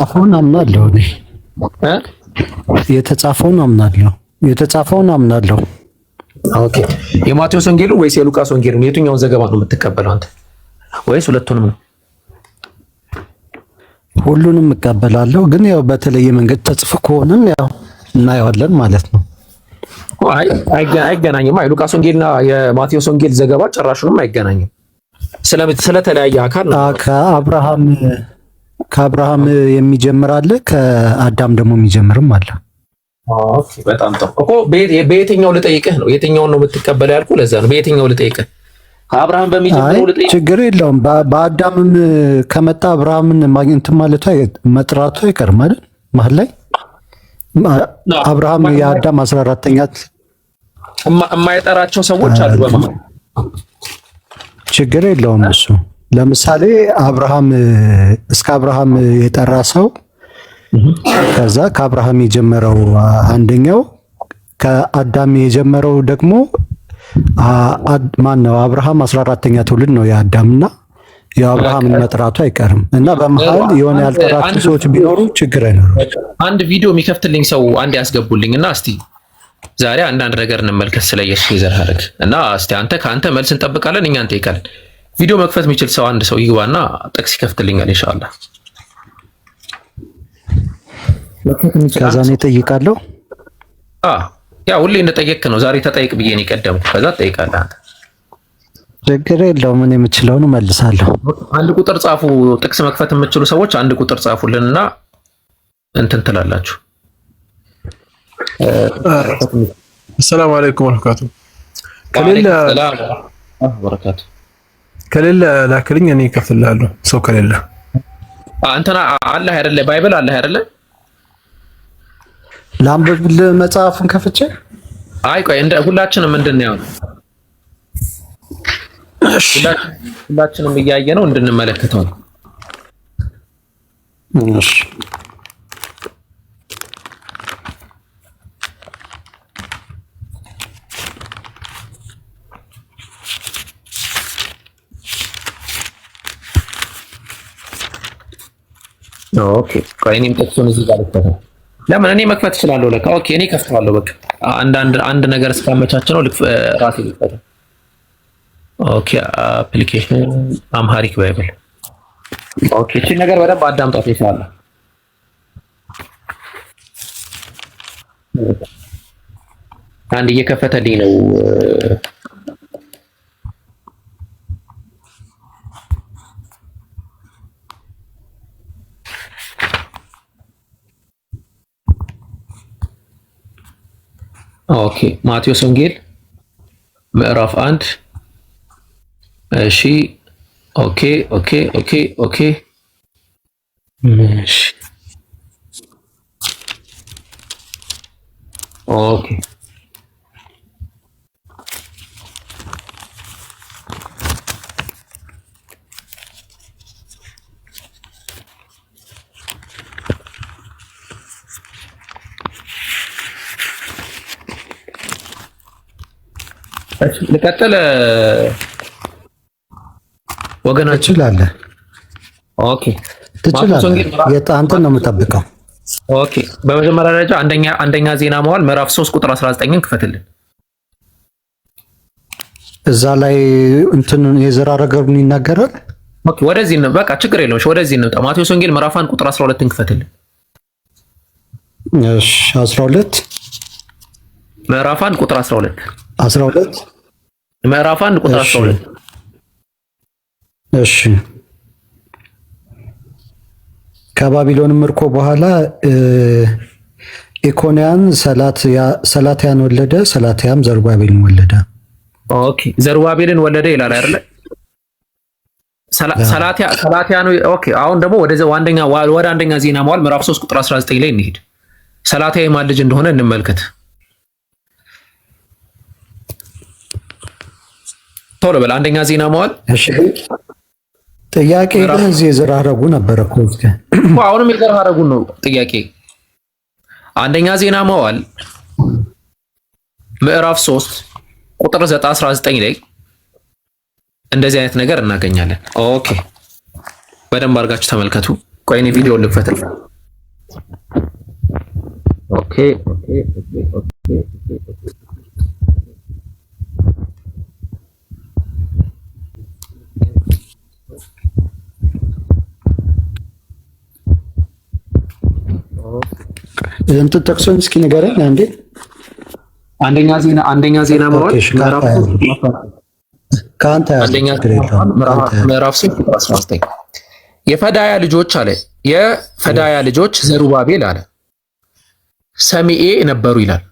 የተጻፈውን አምናለሁ እኔ የተጻፈውን አምናለሁ የተጻፈውን አምናለሁ። ኦኬ የማቴዎስ ወንጌሉ ወይስ የሉቃስ ወንጌሉ የትኛውን ዘገባ ነው የምትቀበለው አንተ? ወይስ ሁለቱንም ነው? ሁሉንም እቀበላለሁ፣ ግን ያው በተለየ መንገድ ተጽፎ ከሆነም ያው እናየዋለን ማለት ነው። አይ አይገናኝም። አይ ሉቃስ ወንጌልና የማቴዎስ ወንጌል ዘገባ ጭራሹንም አይገናኝም። ስለተለያየ አካል ነው ከአብርሃም ከአብርሃም የሚጀምር አለ፣ ከአዳም ደግሞ የሚጀምርም አለ። በጣም ጥሩ እኮ። በየትኛው ልጠይቅህ ነው? የትኛውን ነው የምትቀበለ ያልኩ ለዛ ነው። በየትኛው ልጠይቅህ? አብርሃም በሚጀምረው ልጠይቅህ? ችግር የለውም። በአዳምም ከመጣ አብርሃምን ማግኘት ማለቱ መጥራቱ አይቀርም አይደል? መሀል ላይ አብርሃም የአዳም አስራ አራተኛ የማይጠራቸው ሰዎች አሉ። በማ ችግር የለውም እሱ ለምሳሌ አብርሃም እስከ አብርሃም የጠራ ሰው ከዛ ከአብርሃም የጀመረው አንደኛው ከአዳም የጀመረው ደግሞ ማን ነው? አብርሃም አስራ አራተኛ ትውልድ ነው የአዳምና የአብርሃምን መጥራቱ አይቀርም እና በመሀል የሆነ ያልጠራቸው ሰዎች ቢኖሩ ችግር አይኖርም። አንድ ቪዲዮ የሚከፍትልኝ ሰው አንድ ያስገቡልኝ እና እስቲ ዛሬ አንዳንድ ነገር እንመልከት ስለ ኢየሱስ የዘር ሐረግ እና እስቲ አንተ ከአንተ መልስ እንጠብቃለን፣ እኛ እንጠይቃለን። ቪዲዮ መክፈት የሚችል ሰው አንድ ሰው ይግባና ጥቅስ ይከፍትልኛል። ኢንሻአላህ መክፈት የሚችል እጠይቃለሁ። አዎ ያ ሁሌ እንደጠየቅ ነው። ዛሬ ተጠይቅ ብዬ ነው የቀደምኩ። ከዛ ትጠይቃለህ አንተ። ችግር የለውም እኔ የምችለውን እመልሳለሁ። አንድ ቁጥር ጻፉ። ጥቅስ መክፈት የምችሉ ሰዎች አንድ ቁጥር ጻፉልንና እንትን ትላላችሁ። ሰላም አለይኩም ወራህመቱ ከሌላ ከሌለ ላክልኝ እኔ እከፍልልሃለሁ። ሰው ከሌለ አንተና አላህ አይደለ? ባይብል አለ አይደለ? ላንብብልህ መጽሐፉን ከፍቼ። አይ ቆይ እንደ ሁላችንም ምንድን ነው ሁላችንም እያየ ነው እንድንመለከተው ነው። እሺ ኦኬ እዚህ ጋር ለምን እኔ መክፈት እችላለሁ? ለካ ኦኬ እኔ ከፍተዋለሁ። በቃ አንድ አንድ ነገር እስካመቻቸ ነው ራሴ ልፈት። ኦኬ አፕሊኬሽን አምሃሪክ ባይብል። ኦኬ እቺ ነገር በደንብ አዳምጣት ይችላል። አንድ እየከፈተልኝ ነው ኦኬ ማቴዎስ ወንጌል ምዕራፍ አንድ እሺ ኦኬ ኦኬ ኦኬ ኦኬ እሺ ኦኬ ልቀጥል ወገናችን ትችላለህ። ኦኬ ትችላለህ። የጣንተን ነው የምጠብቀው። ኦኬ በመጀመሪያ ደረጃ አንደኛ አንደኛ ዜና መዋል ምዕራፍ 3 ቁጥር 19ን ክፈትልን። እዛ ላይ እንትን የዘራ ረገሩን ይናገራል። ኦኬ ወደዚህ ነው በቃ ችግር የለውም። ወደዚህ ነው ማቴዎስ ወንጌል ምዕራፍ 1 ቁጥር 12ን ክፈትልን። እሺ 12 ምዕራፍ 1 ቁጥር 12 12 ምዕራፍ አንድ ቁጥር 12። እሺ ከባቢሎን ምርኮ በኋላ ኢኮንያን ሰላትያን ወለደ፣ ሰላትያም ዘሩባቤልን ወለደ። ኦኬ ዘሩባቤልን ወለደ ይላል አይደለ? ሰላትያ ሰላትያኑ ኦኬ። አሁን ደግሞ ወደ አንደኛ ወደ አንደኛ ዜና መዋዕል ምዕራፍ 3 ቁጥር 19 ላይ እንሄድ። ሰላትያ የማን ልጅ እንደሆነ እንመልከት። ቶሎ በል አንደኛ ዜና መዋል ጥያቄ ግን እዚህ የዘር ሐረጉ ነበረ። አሁንም የዘር ሐረጉን ነው ጥያቄ። አንደኛ ዜና መዋል ምዕራፍ 3 ቁጥር 19 ላይ እንደዚህ አይነት ነገር እናገኛለን። ኦኬ በደንብ አድርጋችሁ ተመልከቱ። ቆይ እኔ ቪዲዮ ልክፈትል። ኦኬ ኦኬ ኦኬ ኦኬ የምትጠቅሰውን እስኪ ንገረኝ አንዴ። አንደኛ ዜና አንደኛ ዜና መዋዕል ምዕራፍ ሦስት አስራ ዘጠኝ የፈዳያ ልጆች አለ የፈዳያ ልጆች ዘሩባቤል አለ ሰሚኤ ነበሩ ይላል።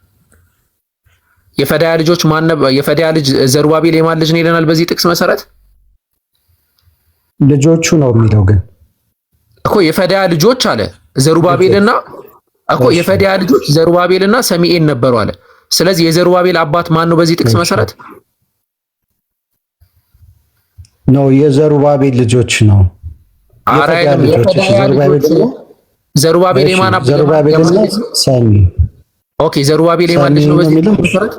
የፈዳያ ልጆች ማን? የፈዳያ ልጅ ዘሩባቤል የማን ልጅ ነው ይለናል። በዚህ ጥቅስ መሰረት ልጆቹ ነው የሚለው ግን እኮ የፈዳያ ልጆች አለ ዘሩባቤልና እኮ የፈዲያ ልጆች ዘሩባቤል እና ሰሚኤን ነበሩ አለ። ስለዚህ የዘሩባቤል አባት ማን ነው? በዚህ ጥቅስ መሰረት ነው የዘሩባቤል ልጆች ነው። ዘሩባቤል የማን አባት? ሰሚ ኦኬ። ዘሩባቤል የማን ልጅ ነው? በዚህ ጥቅስ መሰረት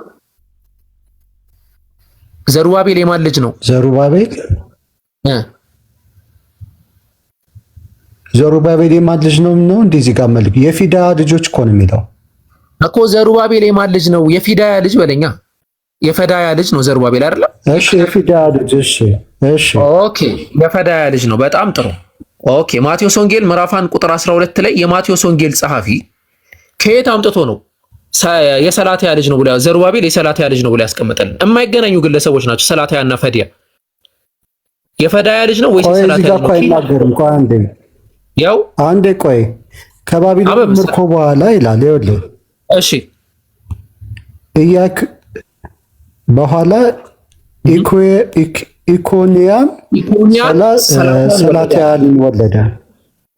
ዘሩባቤል የማን ልጅ ነው? ዘሩባቤል ዘሩባቤል የማን ልጅ ነው ነው እንዴ? እዚህ ጋር መልኩ የፊዳ ልጆች እኮ ነው የሚለው እኮ ዘሩባቤል የማን ልጅ ነው? የፊዳያ ልጅ በለኛ የፈዳያ ልጅ ነው ዘሩባቤል አይደለም? እሺ፣ የፊዳያ ልጅ እሺ፣ እሺ፣ ኦኬ፣ የፈዳያ ልጅ ነው። በጣም ጥሩ ኦኬ። ማቴዎስ ወንጌል ምዕራፍ አንድ ቁጥር 12 ላይ የማቴዎስ ወንጌል ጸሐፊ ከየት አምጥቶ ነው የሰላትያ ልጅ ነው ብሎ ዘሩባቤል የሰላትያ ልጅ ነው ብሎ ያስቀመጠልን? የማይገናኙ ግለሰቦች ናቸው ሰላትያ እና ፈዲያ። የፈዳያ ልጅ ነው ወይስ የሰላትያ ልጅ ነው? ያው አንዴ ቆይ ከባቢሎን ምርኮ በኋላ ይላል። ይወል እሺ እያክ በኋላ ኢኮንያም ሰላትያልን ወለደ።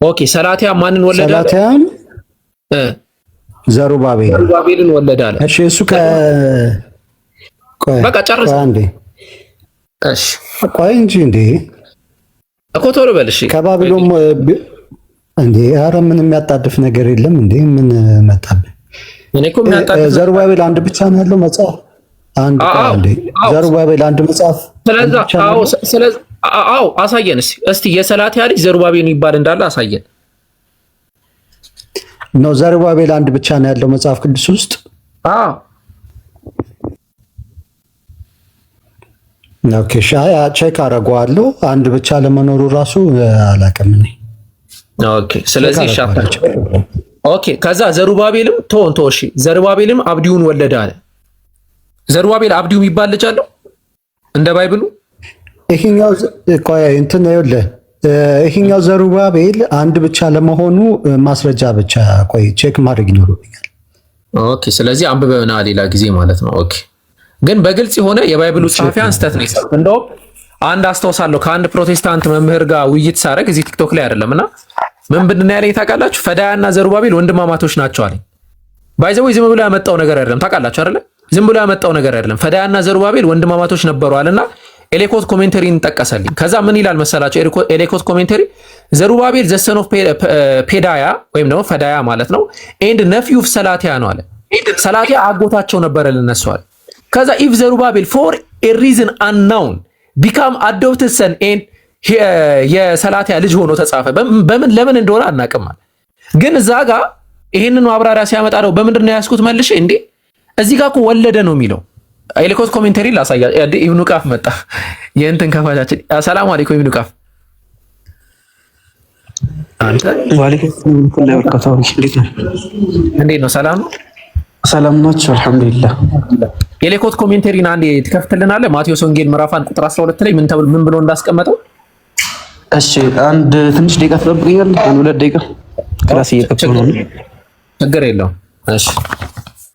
ኦኬ ሰላትያም ማንን ወለደ? ሰላትያም ዘሩባቤልን ወለደ አለ። እሺ እሱ ከ በቃ ጨርስ አንዴ። እሺ ቆይ እንጂ እንዴ እኮ ቶሎ በል። እሺ ከባቢሎን እንዴ? አረ ምን የሚያጣድፍ ነገር የለም። እንዴ ምን መጣብህ? ዘሩባቤል አንድ ብቻ ነው ያለው መጽሐፍ አንድ አንዴ ዘሩባቤል አንድ መጽሐፍ አዎ አሳየን እስቲ የሰላት ያልጅ ዘሩባቤል ይባል እንዳለ አሳየን ነው ዘሩባቤል አንድ ብቻ ነው ያለው መጽሐፍ ቅዱስ ውስጥ አዎ ኦኬ ሻያ ቼክ አረገዋለሁ አንድ ብቻ ለመኖሩ ራሱ አላውቅም እኔ ኦኬ። ስለዚህ ይሻላቸው። ኦኬ። ከዛ ዘሩባቤልም ቶን ቶሺ ዘሩባቤልም አብዲውን ወለደ አለ። ዘሩባቤል አብዲው የሚባል ልጅ አለው እንደ ባይብሉ። ይሄኛው ቆይ እንትን ይሄኛው ዘሩባቤል አንድ ብቻ ለመሆኑ ማስረጃ ብቻ ቆይ ቼክ ማድረግ ይኖርብኛል። ኦኬ። ስለዚህ አንብበና ሌላ ጊዜ ማለት ነው። ኦኬ። ግን በግልጽ የሆነ የባይብሉ ጸሐፊ አንስተት ነው ይሰጥ እንደውም አንድ አስታውሳለሁ ከአንድ ፕሮቴስታንት መምህር ጋር ውይይት ሳደርግ እዚህ ቲክቶክ ላይ አይደለም እና ምን ብንና ያለኝ ታውቃላችሁ? ፈዳያና ዘሩባቤል ወንድማማቶች ናቸው አለኝ። ባይዘው ዝም ብሎ ያመጣው ነገር አይደለም። ታውቃላችሁ አይደለ? ዝም ብሎ ያመጣው ነገር አይደለም። ፈዳያና ዘሩባቤል ወንድማማቶች ነበሩ አለና ኤሌኮት ኮሜንተሪን ጠቀሰልኝ። ከዛ ምን ይላል መሰላቸው? ኤሌኮት ኮሜንተሪ ዘሩባቤል ዘሰን ኦፍ ፔዳያ ወይም ደግሞ ፈዳያ ማለት ነው ኤንድ ነፊው ኦፍ ሰላቲያ ነው አለ። ሰላቲያ አጎታቸው ነበረ ልነሱ አለ። ከዛ ኢፍ ዘሩባቤል ፎር ኤ ሪዝን አንናውን ቢካም አዶፕትድ ሰን ኤንድ የሰላትያ ልጅ ሆኖ ተጻፈ። በምን ለምን እንደሆነ አናቅም። ግን እዛ ጋ ይህንኑ አብራሪያ ሲያመጣ ነው በምንድን ነው ያስኩት መልሽ እንዴ እዚህ ጋ ወለደ ነው የሚለው ኤሊኮት ኮሜንተሪ ላሳያ። ኢብኑ ቃፍ መጣ። የእንትን ከፋቻችን ሰላም አለይኩም ኢብኑ ቃፍ እንዴት ነው? ሰላም ሰላም ናቸው። አልሐምዱሊላህ የሌኮት ኮሜንተሪን አንዴ ትከፍትልናለህ? ማቴዎስ ወንጌል ምዕራፍ አንድ ቁጥር 12 ላይ ምን ብሎ እንዳስቀመጠው እሺ አንድ ትንሽ ደቂቃ ትጠብቀኛለህ? አንድ ሁለት ደቂቃ ክላስ እየከፈቱ ነው። ችግር የለውም። እሺ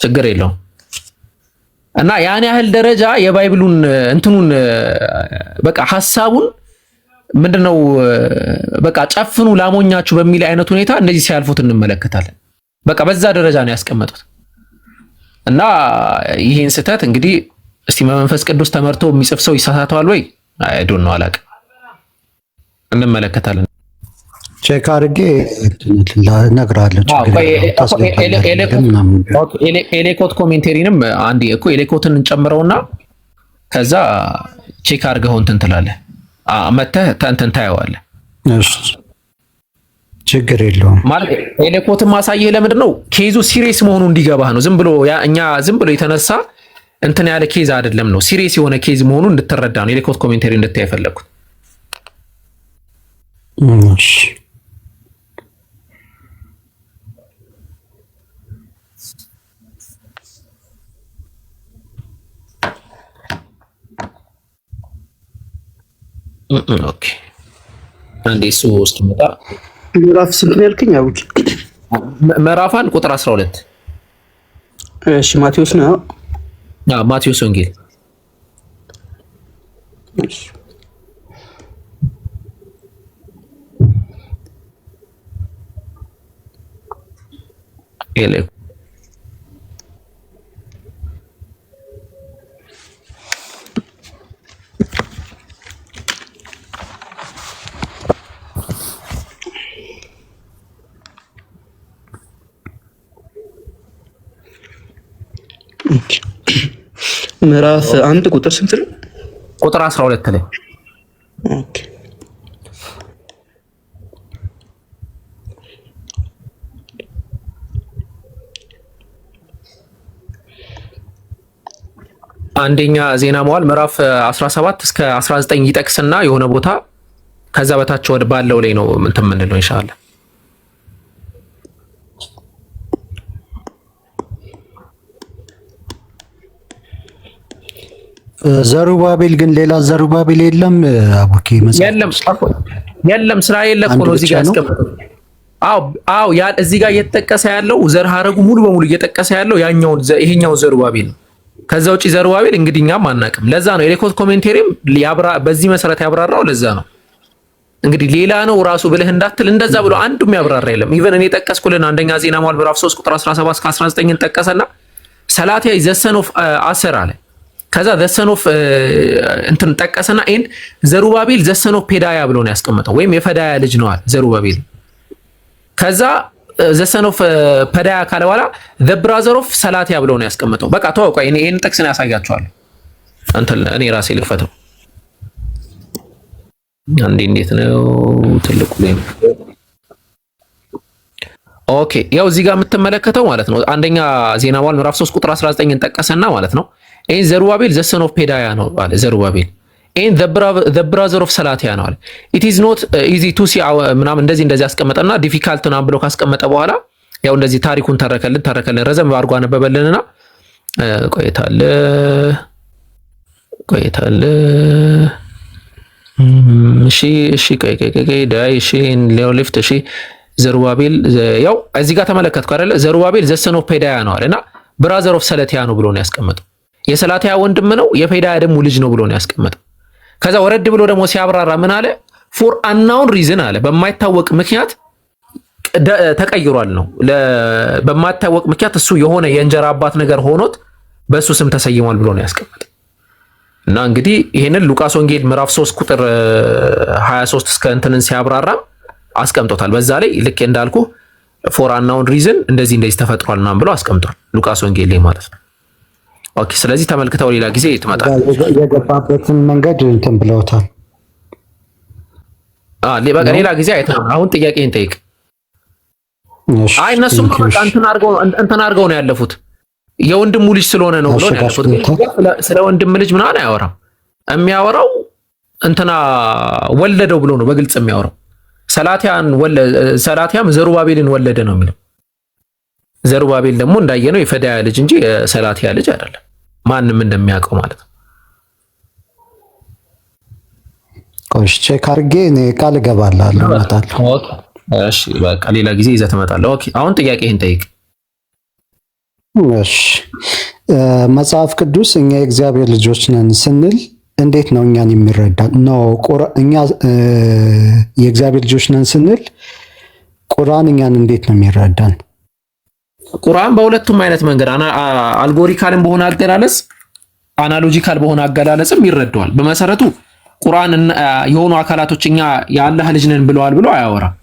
ችግር የለውም። እና ያን ያህል ደረጃ የባይብሉን እንትኑን በቃ ሐሳቡን ምንድነው በቃ ጨፍኑ ላሞኛችሁ በሚል አይነት ሁኔታ እንደዚህ ሲያልፉት እንመለከታለን። በቃ በዛ ደረጃ ነው ያስቀመጡት። እና ይህን ስህተት እንግዲህ እስቲ በመንፈስ ቅዱስ ተመርቶ የሚጽፍ ሰው ይሳሳተዋል ወይ? አይ ዶንት ኖ አላውቅም። እንመለከታለን። ቼክ አድርጌ እነግርሃለሁ። ኤሌኮት ኮሜንቴሪንም አንዴ እኮ ኤሌኮትን እንጨምረውና ከዛ ቼክ አድርገኸው እንትን ትላለህ። መተህ እንትን ታየዋለህ። ችግር የለውም ማለት ኤሌኮትን ማሳየህ ለምንድን ነው ኬዙ ሲሪየስ መሆኑ እንዲገባህ ነው። ዝም ብሎ እኛ ዝም ብሎ የተነሳ እንትን ያለ ኬዝ አይደለም ነው ሲሪየስ የሆነ ኬዝ መሆኑ እንድትረዳ ነው። ኤሌኮት ኮሜንቴሪ እንድታይ የፈለግኩት እሺ ኦኬ አንዴ እሱ ውስጥ መጣ። ምዕራፍ ስንት ነው ያልከኝ? አውጭ ምዕራፍ አንድ ቁጥር 12 እሺ፣ ማቴዎስ ነው። አዎ ማቴዎስ ወንጌል L. ምዕራፍ አንድ ቁጥር ስንት ነው? ቁጥር 12 ላይ ኦኬ አንደኛ ዜና መዋዕል ምዕራፍ 17 እስከ 19 ይጠቅስና የሆነ ቦታ ከዛ በታች ወደ ባለው ላይ ነው እንትን የምንለው ኢንሻአላህ። ዘሩባቤል ግን ሌላ ዘሩባቤል የለም። አቡኪ የለም የለም፣ ስራ የለም እኮ ነው እዚህ ጋር ያስቀምጠው። አዎ አዎ፣ ያ እዚህ ጋር እየተጠቀሰ ያለው ዘር ሀረጉ ሙሉ በሙሉ እየጠቀሰ ያለው ያኛውን ይሄኛውን ዘሩባቤል ነው። ከዛ ውጭ ዘሩባቤል እንግዲህ እኛም አናቅም። ለዛ ነው የሬኮርድ ኮሜንቴሪም በዚህ መሰረት ያብራራው። ለዛ ነው እንግዲህ ሌላ ነው ራሱ ብለህ እንዳትል እንደዛ ብሎ አንዱም ያብራራ የለም። ኢቨን እኔ ጠቀስኩልን አንደኛ ዜና መዋዕል ምዕራፍ 3 ቁጥር 17 እስከ 19 ን ጠቀሰና ሰላትያይ ዘሰን ኦፍ አሰር አለ። ከዛ ዘሰን ኦፍ እንትን ጠቀሰና ኤንድ ዘሩባቤል ዘሰን ኦፍ ፔዳያ ብሎ ነው ያስቀመጠው፣ ወይም የፈዳያ ልጅ ነዋል ዘሩባቤል ከዛ ዘሰን ኦፍ ፐዳያ ካለ በኋላ ዘ ብራዘር ኦፍ ሰላቲያ ብሎ ነው ያስቀምጠው። በቃ ተዋውቀ ይህን ጥቅስ ነው ያሳያቸዋለሁ። እኔ ራሴ ልክፈተው። አንዴ እንዴት ነው ትልቁ ላይ ኦኬ ያው እዚህ ጋር የምትመለከተው ማለት ነው አንደኛ ዜና መዋዕል ምዕራፍ 3 ቁጥር 19 እንጠቀሰና ማለት ነው ይህን ዘሩባቤል ዘሰን ኦፍ ፔዳያ ነው አለ ዘሩባቤል ኤን ዘ ብራዘር ኦፍ ሰላቲያን አለ። ኢት ኢዝ ኖት ኢዚ ቱ ሲ ምናምን እንደዚህ እንደዚህ አስቀመጠና ዲፊካልት ምናምን ብሎ ካስቀመጠ በኋላ ያው እንደዚህ ታሪኩን ተረከልን ተረከልን ረዘም አድርጎ አነበበልንና ቆይታል ቆይታል እሺ እሺ ቆይ ቆይ ቆይ ዳይ እሺ ሌኦሊፍት እሺ ዘሩባቤል ያው እዚህ ጋር ተመለከትኩ አይደለ ዘሩባቤል ዘሰኖ ፔዳያ ነው አለና ብራዘር ኦፍ ሰለቲያ ነው ብሎ ነው ያስቀመጠው። የሰላቲያ ወንድም ነው የፔዳያ ደግሞ ልጅ ነው ብሎ ነው ያስቀመጠው። ከዛ ወረድ ብሎ ደግሞ ሲያብራራ ምን አለ? ፎር አናውን ሪዝን አለ በማይታወቅ ምክንያት ተቀይሯል ነው። በማይታወቅ ምክንያት እሱ የሆነ የእንጀራ አባት ነገር ሆኖት በእሱ ስም ተሰይሟል ብሎ ነው ያስቀመጠ እና እንግዲህ ይህንን ሉቃስ ወንጌል ምዕራፍ 3 ቁጥር 23 እስከ እንትንን ሲያብራራም አስቀምጦታል። በዛ ላይ ልክ እንዳልኩ ፎር አናውን ሪዝን እንደዚህ እንደዚህ ተፈጥሯል ምናምን ብሎ አስቀምጧል ሉቃስ ወንጌል ላይ ማለት ነው። ኦኬ። ስለዚህ ተመልክተው ሌላ ጊዜ ትመጣል። የገባበትን መንገድ እንትን ብለውታል። በቃ ሌላ ጊዜ አይተው አሁን ጥያቄን ጠይቅ። አይ እነሱም እንትን አድርገው ነው ያለፉት። የወንድሙ ልጅ ስለሆነ ነው ብሎ ያለፉት። ስለ ወንድም ልጅ ምናምን አያወራም። የሚያወራው እንትና ወለደው ብሎ ነው በግልጽ የሚያወራው። ሰላቲያም ዘሩባቤልን ወለደ ነው የሚለው። ዘሩባቤል ደግሞ እንዳየነው የፈዳያ ልጅ እንጂ የሰላቲያ ልጅ አይደለም። ማንም እንደሚያውቀው ማለት ነው። ቆይ ቼክ አድርጌ እኔ ቃል እገባልሃለሁ እመጣለሁ። እሺ በቃ ሌላ ጊዜ ይዘህ ትመጣለህ። ኦኬ አሁን ጥያቄህን ጠይቅ። እሺ መጽሐፍ ቅዱስ እኛ የእግዚአብሔር ልጆች ነን ስንል እንዴት ነው እኛን የሚረዳ? ኖ እኛ የእግዚአብሔር ልጆች ነን ስንል ቁርአን እኛን እንዴት ነው የሚረዳን? ቁርአን በሁለቱም አይነት መንገድ አልጎሪካልም በሆነ አገላለጽ አናሎጂካል በሆነ አገላለጽም ይረዳዋል። በመሰረቱ ቁርአን የሆኑ አካላቶች እኛ የአላህ ልጅ ነን ብለዋል ብሎ አያወራም።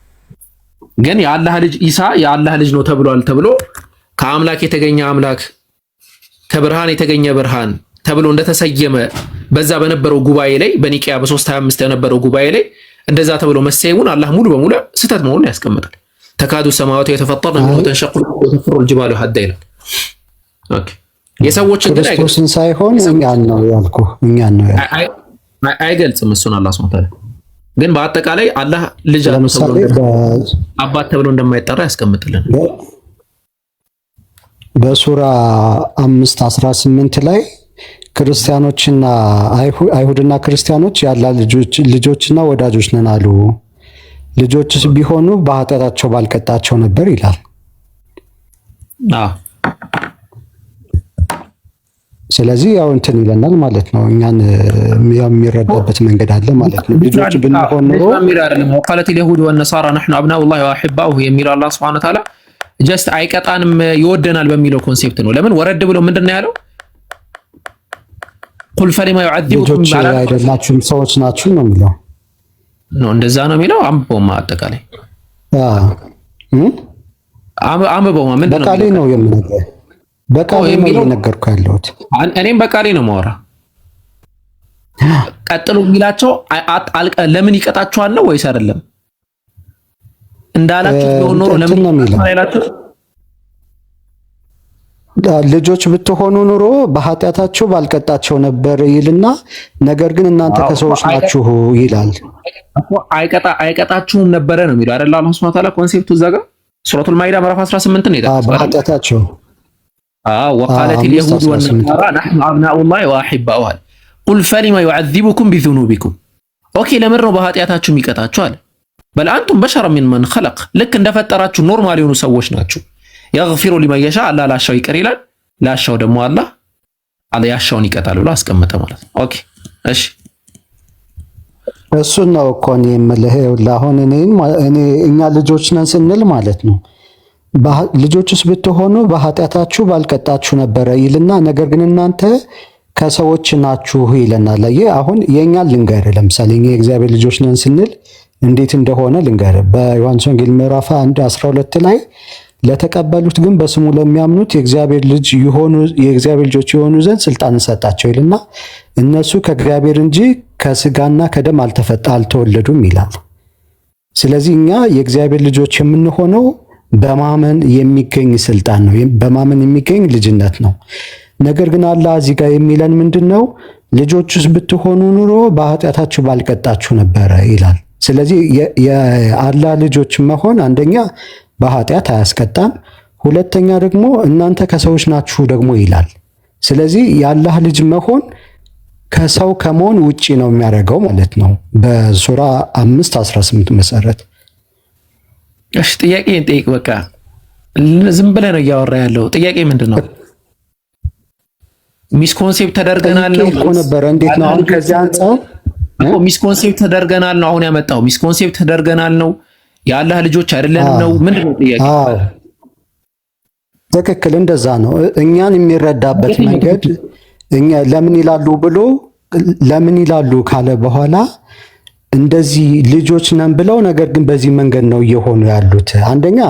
ግን የአላህ ልጅ ኢሳ የአላህ ልጅ ነው ተብሏል ተብሎ ከአምላክ የተገኘ አምላክ ከብርሃን የተገኘ ብርሃን ተብሎ እንደተሰየመ በዛ በነበረው ጉባኤ ላይ በኒቅያ በ325 የነበረው ጉባኤ ላይ እንደዛ ተብሎ መሰየሙን አላህ ሙሉ በሙሉ ስህተት መሆኑን ያስቀምጣል። ተካዱ ሰማዋቱ የተፈጠርነ ነው ተንሸቁ ተፈሩ ልጅባሉ ሀዳ ይላል። የሰዎችን ክርስቶስን ሳይሆን እኛን ነው ያልኩ እኛን ነው አይገልጽም። እሱን አላህ ስብሐ ግን በአጠቃላይ አላህ ልጅ አባት ተብሎ እንደማይጠራ ያስቀምጥልን። በሱራ አምስት አስራ ስምንት ላይ ክርስቲያኖችና አይሁድና ክርስቲያኖች ያላ ልጆችና ወዳጆች ነን አሉ። ልጆችስ ቢሆኑ በኃጢአታቸው ባልቀጣቸው ነበር ይላል። ስለዚህ ያው እንትን ይለናል ማለት ነው። እኛን የሚረዳበት መንገድ አለ ማለት ነው። ልጆች ብንሆን ኖሮ ቃለት ወነሳራ ናሕኑ አብናኡላሂ ወአሕባኡሁ የሚል አላህ ሱብሓነሁ ወተዓላ ጀስት አይቀጣንም ይወደናል በሚለው ኮንሴፕት ነው። ለምን ወረድ ብሎ ምንድን ነው ያለው? ቁል ፈሊማ ዩዓዚቡኩም ልጆች አይደላችሁም ሰዎች ናችሁ ነው የሚለው ነው እንደዛ ነው የሚለው። አንብቦማ አጠቃላይ አንብቦማ ምንድን ነው በቃሌ ነው የምነገር የምነገርኩህ ያለሁት እኔም በቃሌ ነው ማወራ ቀጥሎ የሚላቸው ለምን ይቀጣችኋል ነው ወይስ አይደለም? እንዳላችሁ ኖሮ ለምን ይላችሁ ልጆች ብትሆኑ ኑሮ በኃጢአታችሁ ባልቀጣቸው ነበር ይልና፣ ነገር ግን እናንተ ከሰዎች ናችሁ ይላል። አይቀጣችሁም ነበረ ነው የሚለው አይደል? አላህ ሱብሐነሁ ወተዓላ ኮንሴፕቱ እዛ ጋር ሱረቱል ማኢዳ ምዕራፍ 18 ነው የጠቀሰው። በኃጢአታቸው ወቃለቲል የሁድ ወነሳራ ናሕኑ አብናኡላህ ወአሒባኡህ ቁል ፈሊመ ዩዓዚቡኩም ቢዙኑቢኩም። ኦኬ ለምንድን ነው በኃጢአታችሁ የሚቀጣችሁ አለ። በል አንቱም በሸረ ሚመን ኸለቅ ልክ እንደፈጠራችሁ ኖርማል የሆኑ ሰዎች ናችሁ የፊሩ ሊመየሻ አላ ላሻው ይቅር ይላል። ላሻው ደግሞ አለ ያሻውን ይቀጣል ብሎ አስቀመጠ ማለት ነው። ኦኬ እሺ፣ እሱን ነው እኮ እኔ የምልህ። አሁን እኔ እኛ ልጆች ነን ስንል ማለት ነው ልጆችስ ብትሆኑ በኃጢአታችሁ ባልቀጣችሁ ነበረ ይልና፣ ነገር ግን እናንተ ከሰዎች ናችሁ ይለናል። አየህ አሁን የእኛን ልንገር። ለምሳሌ እኛ የእግዚአብሔር ልጆች ነን ስንል እንዴት እንደሆነ ልንገር። በዮሐንስ ወንጌል ምዕራፍ 1 12 ላይ ለተቀበሉት ግን በስሙ ለሚያምኑት የእግዚአብሔር ልጅ የሆኑ የእግዚአብሔር ልጆች የሆኑ ዘንድ ስልጣን ሰጣቸው ይልና እነሱ ከእግዚአብሔር እንጂ ከስጋና ከደም አልተፈጣ አልተወለዱም ይላል። ስለዚህ እኛ የእግዚአብሔር ልጆች የምንሆነው በማመን የሚገኝ ስልጣን ነው፣ በማመን የሚገኝ ልጅነት ነው። ነገር ግን አላህ እዚህ ጋር የሚለን ምንድን ነው? ልጆቹስ ብትሆኑ ኑሮ በኃጢአታችሁ ባልቀጣችሁ ነበረ ይላል። ስለዚህ የአላህ ልጆች መሆን አንደኛ በኃጢአት አያስቀጣም። ሁለተኛ ደግሞ እናንተ ከሰዎች ናችሁ ደግሞ ይላል። ስለዚህ የአላህ ልጅ መሆን ከሰው ከመሆን ውጪ ነው የሚያደርገው ማለት ነው። በሱራ 518 መሰረት። እሺ ጥያቄ ጠይቅ። በቃ ዝም ብለህ ነው እያወራ ያለው። ጥያቄ ምንድን ነው? ሚስኮንሴፕት ተደርገናል እኮ ነበረ። እንዴት ነው አሁን ከዚህ አንጻር ሚስኮንሴፕት ተደርገናል ነው አሁን ያመጣው ሚስኮንሴፕት ተደርገናል ነው የአላህ ልጆች አይደለንም ነው? ምንድን ነው ጥያቄ? ትክክል እንደዛ ነው። እኛን የሚረዳበት መንገድ እኛ ለምን ይላሉ ብሎ ለምን ይላሉ ካለ በኋላ እንደዚህ ልጆች ነን ብለው ነገር ግን በዚህ መንገድ ነው እየሆኑ ያሉት። አንደኛ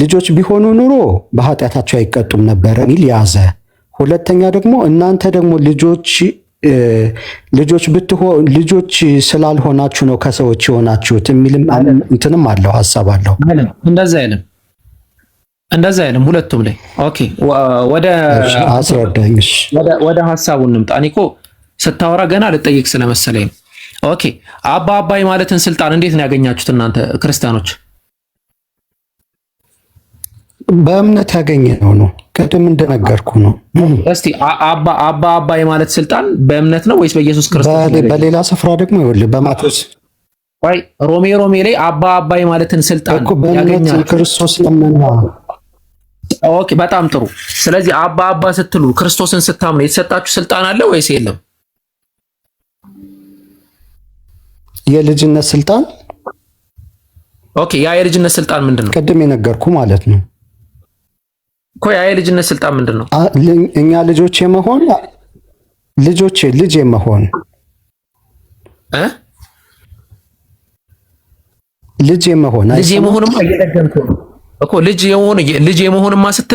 ልጆች ቢሆኑ ኑሮ በኃጢአታቸው አይቀጡም ነበር የሚል ያዘ። ሁለተኛ ደግሞ እናንተ ደግሞ ልጆች ልጆች ብትሆ ልጆች ስላልሆናችሁ ነው ከሰዎች የሆናችሁት የሚልም እንትንም አለው ሀሳብ አለው። እንደዛ አይልም እንደዛ አይልም ሁለቱም ላይ ኦኬ። ወደ አስረዳኝ ወደ ሀሳቡ እንምጣ። እኔ እኮ ስታወራ ገና ልጠይቅ ስለመሰለኝ ነው። ኦኬ አባ አባይ ማለትን ስልጣን እንዴት ነው ያገኛችሁት እናንተ ክርስቲያኖች? በእምነት ያገኘ ነው ነው ቅድም እንደነገርኩ ነው። እስቲ አባ አባ አባ የማለት ስልጣን በእምነት ነው ወይስ በኢየሱስ ክርስቶስ? በሌላ ስፍራ ደግሞ ይኸውልህ በማቴዎስ ወይ ሮሜ ሮሜ ላይ አባ አባ የማለትን ስልጣን ያገኛል ክርስቶስ ለምና ኦኬ፣ በጣም ጥሩ። ስለዚህ አባ አባ ስትሉ ክርስቶስን ስታምኑ የተሰጣችሁ ስልጣን አለ ወይስ የለም? የልጅነት ስልጣን ኦኬ። ያ የልጅነት ስልጣን ምንድን ነው? ቅድም የነገርኩ ማለት ነው። ቆይ የልጅነት ስልጣን ምንድን ነው? እኛ ልጆች የመሆን ልጆች ልጅ የመሆን ልጅ የመሆን ልጅ የመሆንማ እኮ ልጅ የመሆን ልጅ የመሆንማ ስትል